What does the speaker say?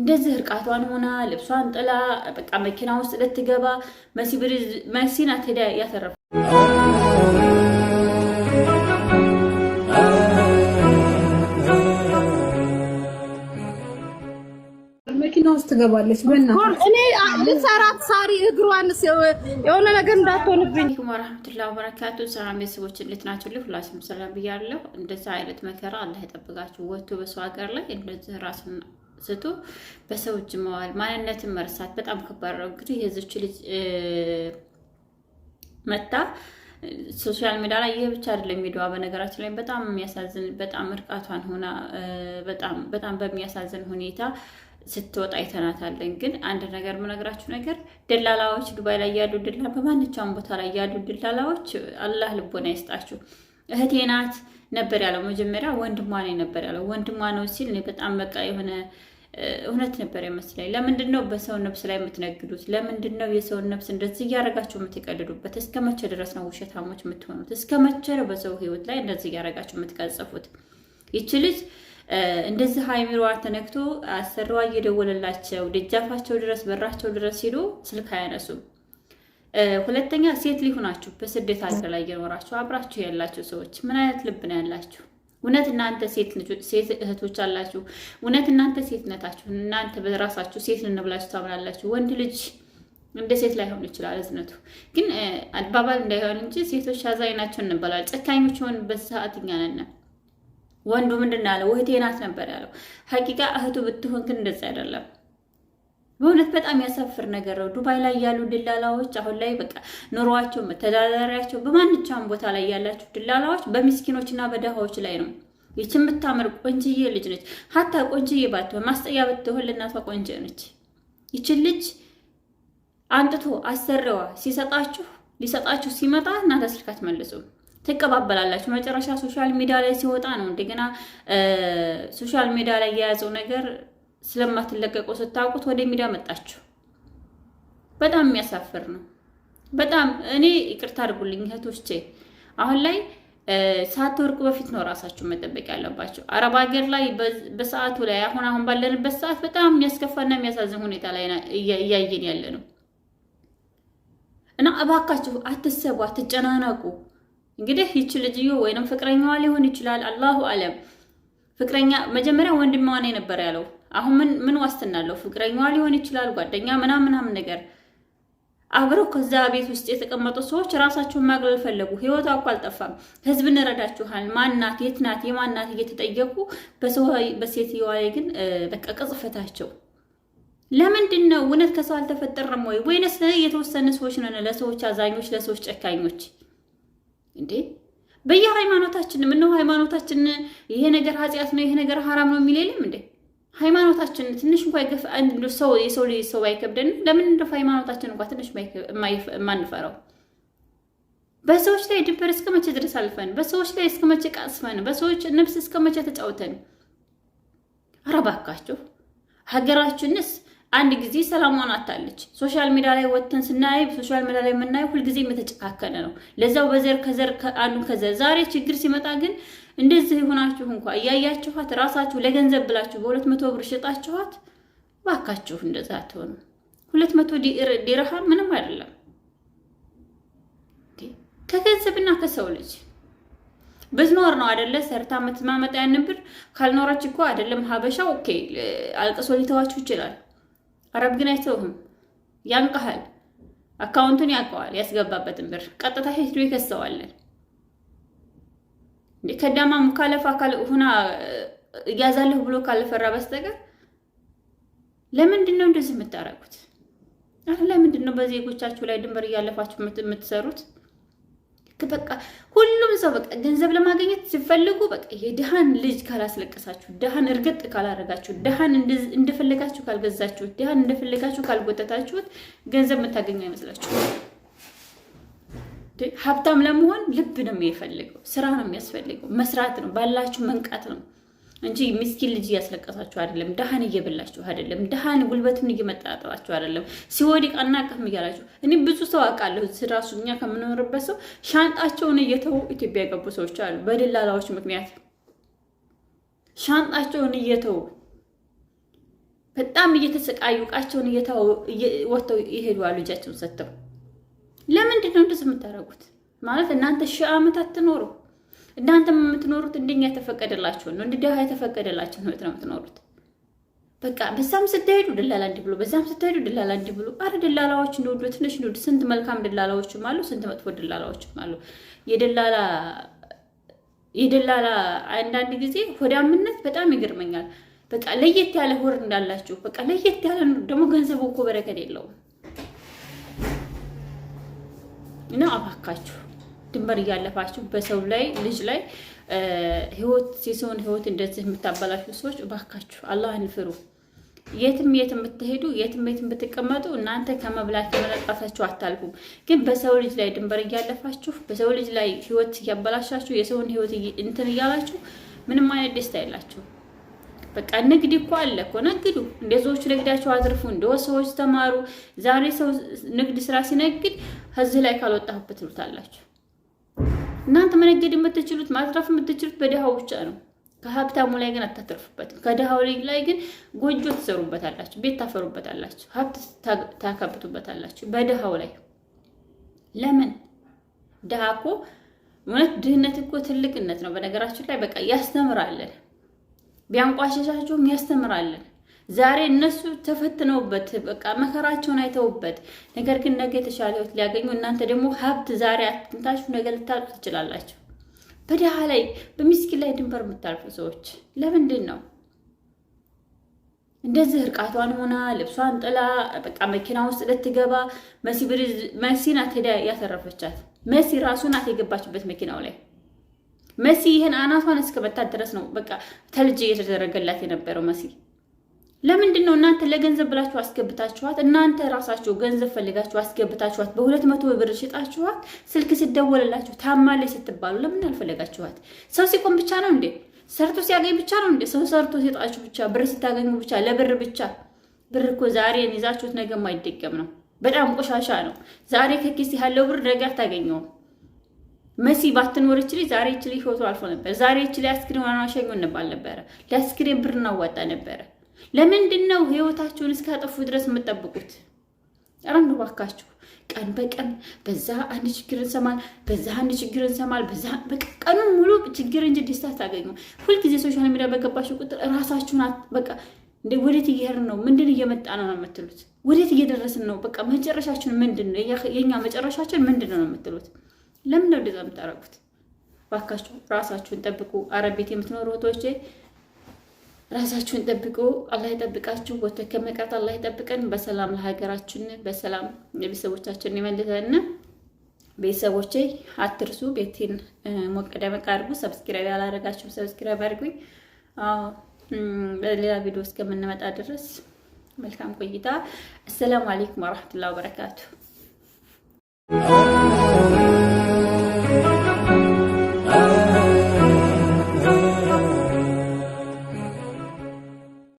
እንደዚህ እርቃቷን ሆና ልብሷን ጥላ በቃ መኪና ውስጥ ልትገባ መሲና ሄዳ ያተረፈ መኪና ውስጥ ትገባለች። እኔ ልሰራት ሳሪ እግሯን የሆነ ነገር እንዳትሆንብኝ። ወራህመቱላ ወበረካቱ። ሰላም ቤተሰቦች እንዴት ናቸው? ሁላችሁም ሰላም ብያለሁ። እንደዚህ አይነት መከራ አላህ ይጠብቃችሁ። ወጥቶ በሰው ሀገር ላይ እንደዚህ ራስና ስቶ በሰው እጅ መዋል ማንነትን መርሳት በጣም ከባድ ነው። እንግዲህ የዚች ልጅ መታ ሶሻል ሚዲያ ላይ ይህ ብቻ አይደለም ሚዲዋ በነገራችን ላይ በጣም የሚያሳዝን በጣም እርቃቷን ሆና በጣም በሚያሳዝን ሁኔታ ስትወጣ አይተናታለን። ግን አንድ ነገር የምነግራችሁ ነገር ደላላዎች፣ ዱባይ ላይ ያሉ ደላላ፣ በማንኛውም ቦታ ላይ ያሉ ደላላዎች አላህ ልቦና ይስጣችሁ። እህቴ ናት ነበር ያለው። መጀመሪያ ወንድሟ ነው ነበር ያለው። ወንድሟ ነው ሲል በጣም በቃ የሆነ እውነት ነበር ይመስለኝ። ለምንድን ነው በሰው ነፍስ ላይ የምትነግዱት? ለምንድን ነው የሰውን ነፍስ እንደዚህ እያደረጋችሁ የምትቀልዱበት? እስከ መቼ ድረስ ነው ውሸታሞች የምትሆኑት? እስከ መቼ ነው በሰው ህይወት ላይ እንደዚህ እያደረጋችሁ የምትቀጽፉት? ይቺ ልጅ እንደዚህ አይሚሯ ተነክቶ አሰሯ እየደወለላቸው ደጃፋቸው ድረስ በራቸው ድረስ ሲሉ ስልክ አያነሱም። ሁለተኛ ሴት ሊሆናችሁ በስደት ሀገር ላይ እየኖራችሁ አብራችሁ ያላችሁ ሰዎች ምን አይነት ልብ ነው ያላችሁ? እውነት እናንተ ሴት እህቶች አላችሁ? እውነት እናንተ ሴትነታችሁ እናንተ በራሳችሁ ሴት ልንብላችሁ ታምናላችሁ? ወንድ ልጅ እንደ ሴት ላይሆን ይችላል። እዝነቱ ግን አባባል እንዳይሆን እንጂ ሴቶች አዛኝ ናቸው እንበላል። ጨካኞች ሆን ሰዓት እኛ ነን። ወንዱ ምንድን ያለው እህቴ ናት ነበር ያለው። ሀቂቃ እህቱ ብትሆን ግን እንደዛ አይደለም። በእውነት በጣም ያሳፍር ነገር ነው። ዱባይ ላይ ያሉ ድላላዎች አሁን ላይ በቃ ኑሯቸው መተዳደሪያቸው በማንኛውም ቦታ ላይ ያላቸው ድላላዎች በሚስኪኖች እና በደሃዎች ላይ ነው። ይች የምታምር ቆንጅዬ ልጅ ነች። ሀታ ቆንጅዬ ባትሆን ማስጠያ ብትሆን ለእናቷ ቆንጅ ነች። ይች ልጅ አንጥቶ አሰሪዋ ሲሰጣችሁ ሊሰጣችሁ ሲመጣ እናንተ ስልክ አትመልሱም፣ ትቀባበላላችሁ። መጨረሻ ሶሻል ሚዲያ ላይ ሲወጣ ነው እንደገና ሶሻል ሚዲያ ላይ የያዘው ነገር ስለማትለቀቀው ስታውቁት ወደ ሚዲያ መጣችሁ። በጣም የሚያሳፍር ነው። በጣም እኔ ይቅርታ አድርጉልኝ እህቶቼ፣ አሁን ላይ ሳትወርቁ በፊት ነው ራሳችሁ መጠበቅ ያለባቸው። አረብ ሀገር ላይ በሰዓቱ ላይ አሁን አሁን ባለንበት ሰዓት በጣም የሚያስከፋና የሚያሳዝን ሁኔታ ላይ እያየን ያለ ነው እና እባካችሁ አትሰቡ፣ አትጨናነቁ። እንግዲህ ይቺ ልጅዮ ወይንም ፍቅረኛዋ ሊሆን ይችላል፣ አላሁ አለም። ፍቅረኛ መጀመሪያ ወንድማዋ ነው የነበረ ያለው አሁን ምን ምን ዋስትና አለው? ፍቅረኛዋ ሊሆን ይችላል ጓደኛ ምናምን ምናምን ነገር አብረው ከዛ ቤት ውስጥ የተቀመጡ ሰዎች ራሳቸውን ማግለል ፈለጉ። ህይወቷ እኮ አልጠፋም። ህዝብ እንረዳችኋል፣ ማናት፣ የት ናት፣ የማናት እየተጠየቁ በሴትየዋ ላይ ግን በቃ ቅጽፈታቸው ለምንድን ነው? እውነት ከሰው አልተፈጠረም ወይ? ወይንስ የተወሰነ ሰዎች ነን? ለሰዎች አዛኞች፣ ለሰዎች ጨካኞች እንዴ? በየሃይማኖታችን ምነው ሃይማኖታችን ይሄ ነገር ኃጢአት ነው ይሄ ነገር ሀራም ነው የሚል የለም እንዴ? ሃይማኖታችን ትንሽ እንኳ ሰው የሰው ልጅ ሰው ባይከብደን ለምን እንደ ሃይማኖታችን እንኳ ትንሽ የማንፈራው? በሰዎች ላይ ድንበር እስከ መቼ ድረስ አልፈን፣ በሰዎች ላይ እስከ መቼ ቃስፈን፣ በሰዎች ነፍስ እስከ መቼ ተጫውተን? አረባካችሁ ሀገራችንስ አንድ ጊዜ ሰላሟን አታለች። ሶሻል ሚዲያ ላይ ወጥተን ስናይ ሶሻል ሚዲያ ላይ የምናየው ሁልጊዜ የተጨካከለ ነው። ለዛው በዘር ከዘር አንዱ ከዘር ዛሬ ችግር ሲመጣ ግን እንደዚህ የሆናችሁ እንኳ እያያችኋት ራሳችሁ ለገንዘብ ብላችሁ በሁለት መቶ ብር ሸጣችኋት። ባካችሁ እንደዛ አትሆኑ። ሁለት መቶ ዲርሃ ምንም አይደለም ከገንዘብና ከሰው ልጅ ብትኖር ነው አደለ ሰርታ የምትማመጣ ያንን ብር ካልኖረች እኮ አደለም ሀበሻው ኦኬ አልቅሶ ሊተዋችሁ ይችላል። አረብ ግን አይተውህም። ያንቀሃል። አካውንቱን ያውቀዋል። ያስገባበትን ብር ቀጥታ ሄዶ ይከሰዋለን። ከዳማ ሙካለፋ ሁና እያዛለሁ ብሎ ካልፈራ በስተቀር ለምንድን ነው እንደዚህ የምታረጉት? ለምንድን ነው በዜጎቻችሁ ላይ ድንበር እያለፋችሁ የምትሰሩት? በቃ ሁሉም ሰው በቃ ገንዘብ ለማግኘት ሲፈልጉ በቃ የድሃን ልጅ ካላስለቀሳችሁ፣ ድሃን እርግጥ ካላረጋችሁ፣ ድሃን እንደፈለጋችሁ ካልገዛችሁት፣ ድሃን እንደፈለጋችሁ ካልጎተታችሁት ገንዘብ የምታገኙ አይመስላችሁ። ሀብታም ለመሆን ልብ ነው የሚፈልገው፣ ስራ ነው የሚያስፈልገው፣ መስራት ነው ባላችሁ መንቃት ነው። እንጂ ምስኪን ልጅ እያስለቀሳችሁ አይደለም። ድሃን እየበላችሁ አይደለም። ድሃን ጉልበቱን እየመጣጠባችሁ አይደለም። ሲወድቅ አናቀም እያላችሁ እኔ ብዙ ሰው አውቃለሁ። እራሱ እኛ ከምንኖርበት ሰው ሻንጣቸውን እየተዉ ኢትዮጵያ የገቡ ሰዎች አሉ። በደላላዎች ምክንያት ሻንጣቸውን እየተዉ በጣም እየተሰቃዩ እቃቸውን ወጥተው ይሄዷል። ልጃቸውን ሰጥተው ለምንድን ነው እንደዚህ የምታደርጉት? ማለት እናንተ ሺህ ዓመት አትኖሩ እናንተም የምትኖሩት እንደኛ የተፈቀደላችሁ ነው፣ እንደ ድሃ የተፈቀደላችሁ ነው የምትኖሩት። በቃ በዛም ስትሄዱ ደላላ እንዲህ ብሎ፣ በዛም ስትሄዱ ደላላ እንዲህ ብሎ። አረ ደላላዎች እንደወዱ ትንሽ እንደወዱ ስንት መልካም ደላላዎችም አሉ፣ ስንት መጥፎ ደላላዎችም አሉ። የደላላ የደላላ አንዳንድ ጊዜ ሆዳምነት በጣም ይገርመኛል። በቃ ለየት ያለ ሆር እንዳላችሁ በቃ ለየት ያለ ደግሞ ገንዘቡ እኮ በረከት የለውም እና አባካችሁ ድንበር እያለፋችሁ በሰው ላይ ልጅ ላይ ህይወት የሰውን ህይወት እንደዚህ የምታበላሹ ሰዎች እባካችሁ አላህን ፍሩ። የትም የት የምትሄዱ የትም የት የምትቀመጡ እናንተ ከመብላት ከመጠጣታችሁ አታልፉም። ግን በሰው ልጅ ላይ ድንበር እያለፋችሁ በሰው ልጅ ላይ ህይወት እያበላሻችሁ የሰውን ህይወት እንትን እያላችሁ ምንም አይነት ደስታ የላችሁ። በቃ ንግድ እኮ አለ እኮ ነግዱ። እንደ ሰዎቹ ንግዳቸው አትርፉ። እንደ ሰዎች ተማሩ። ዛሬ ሰው ንግድ ስራ ሲነግድ ህዝህ ላይ ካልወጣሁበት ነው እናንተ መነገድ የምትችሉት ማትረፍ የምትችሉት በድሃው ብቻ ነው። ከሀብታሙ ላይ ግን አታተርፉበትም። ከድሃው ላይ ግን ጎጆ ትሰሩበታላችሁ፣ ቤት ታፈሩበታላችሁ፣ ሀብት ታካብቱበታላችሁ። በድሃው ላይ ለምን ድሃ እኮ እውነት ድህነት እኮ ትልቅነት ነው። በነገራችን ላይ በቃ ያስተምራለን፣ ቢያንቋሸሻችሁም ያስተምራለን። ዛሬ እነሱ ተፈትነውበት በቃ መከራቸውን አይተውበት፣ ነገር ግን ነገ የተሻለ ህይወት ሊያገኙ እናንተ ደግሞ ሀብት ዛሬ አትንታችሁ ነገ ልታ ትችላላችሁ። በድሃ ላይ በሚስኪን ላይ ድንበር የምታልፉ ሰዎች ለምንድን ነው እንደዚህ እርቃቷን ሆና ልብሷን ጥላ በቃ መኪና ውስጥ ልትገባ መሲ ናት ሄዳ ያተረፈቻት? መሲ ራሱ ናት የገባችበት መኪናው ላይ። መሲ ይህን አናቷን እስከመታት ድረስ ነው በቃ ተልጅ እየተደረገላት የነበረው መሲ ለምንድን ነው እናንተ ለገንዘብ ብላችሁ አስገብታችኋት? እናንተ ራሳችሁ ገንዘብ ፈልጋችሁ አስገብታችኋት፣ በሁለት መቶ ብር ሽጣችኋት፣ ስልክ ሲደወልላችሁ ታማለች ስትባሉ ለምን አልፈለጋችኋት? ሰው ሲቆም ብቻ ነው እንዴ? ሰርቶ ሲያገኝ ብቻ ነው እንዴ? ሰው ሰርቶ ሲጣችሁ ብቻ ብር ሲታገኙ ብቻ ለብር ብቻ። ብር እኮ ዛሬን ይዛችሁት ነገ ማይደገም ነው። በጣም ቆሻሻ ነው። ዛሬ ከኪስ ያለው ብር ነገ አታገኘውም። መሲ ባትኖር ይችል ዛሬ ይችል ህይወቱ አልፎ ነበር። ዛሬ ይችል አስክሬን ዋና ሸኙ እንባል ነበረ። ለአስክሬን ብር እናዋጣ ነበረ። ለምንድን ነው ህይወታችሁን እስካጠፉ ድረስ የምጠብቁት? ረንዱ ባካችሁ። ቀን በቀን በዛ አንድ ችግር እንሰማል፣ በዛ አንድ ችግር እንሰማል። በዛ ቀኑን ሙሉ ችግር እንጂ ደስታ ታገኙ። ሁልጊዜ ሶሻል ሚዲያ በገባችሁ ቁጥር ራሳችሁን በቃ ወዴት እየሄድን ነው? ምንድን እየመጣ ነው ነው የምትሉት? ወዴት እየደረስን ነው? በቃ መጨረሻችን ምንድን ነው? የኛ መጨረሻችን ምንድን ነው ነው የምትሉት? ለምን ነው እንደዛ የምታረጉት? ባካችሁ ራሳችሁን ጠብቁ። አረብ ቤት የምትኖሩ እህቶቼ ራሳችሁን ጠብቁ። አላህ ይጠብቃችሁ። ወጥቶ ከመቅረት አላህ ይጠብቀን። በሰላም ለሀገራችን በሰላም ቤተሰቦቻችን ይመልሰን። ቤተሰቦቼ አትርሱ፣ ቤቴን ሞቅ ደመቅ አድርጉ። ሰብስክራይብ ያላደረጋችሁ ሰብስክራይብ አድርጉኝ። በሌላ ቪዲዮ እስከምንመጣ ድረስ መልካም ቆይታ። አሰላሙ አሌይኩም ወረሕመቱላሂ ወበረካቱ።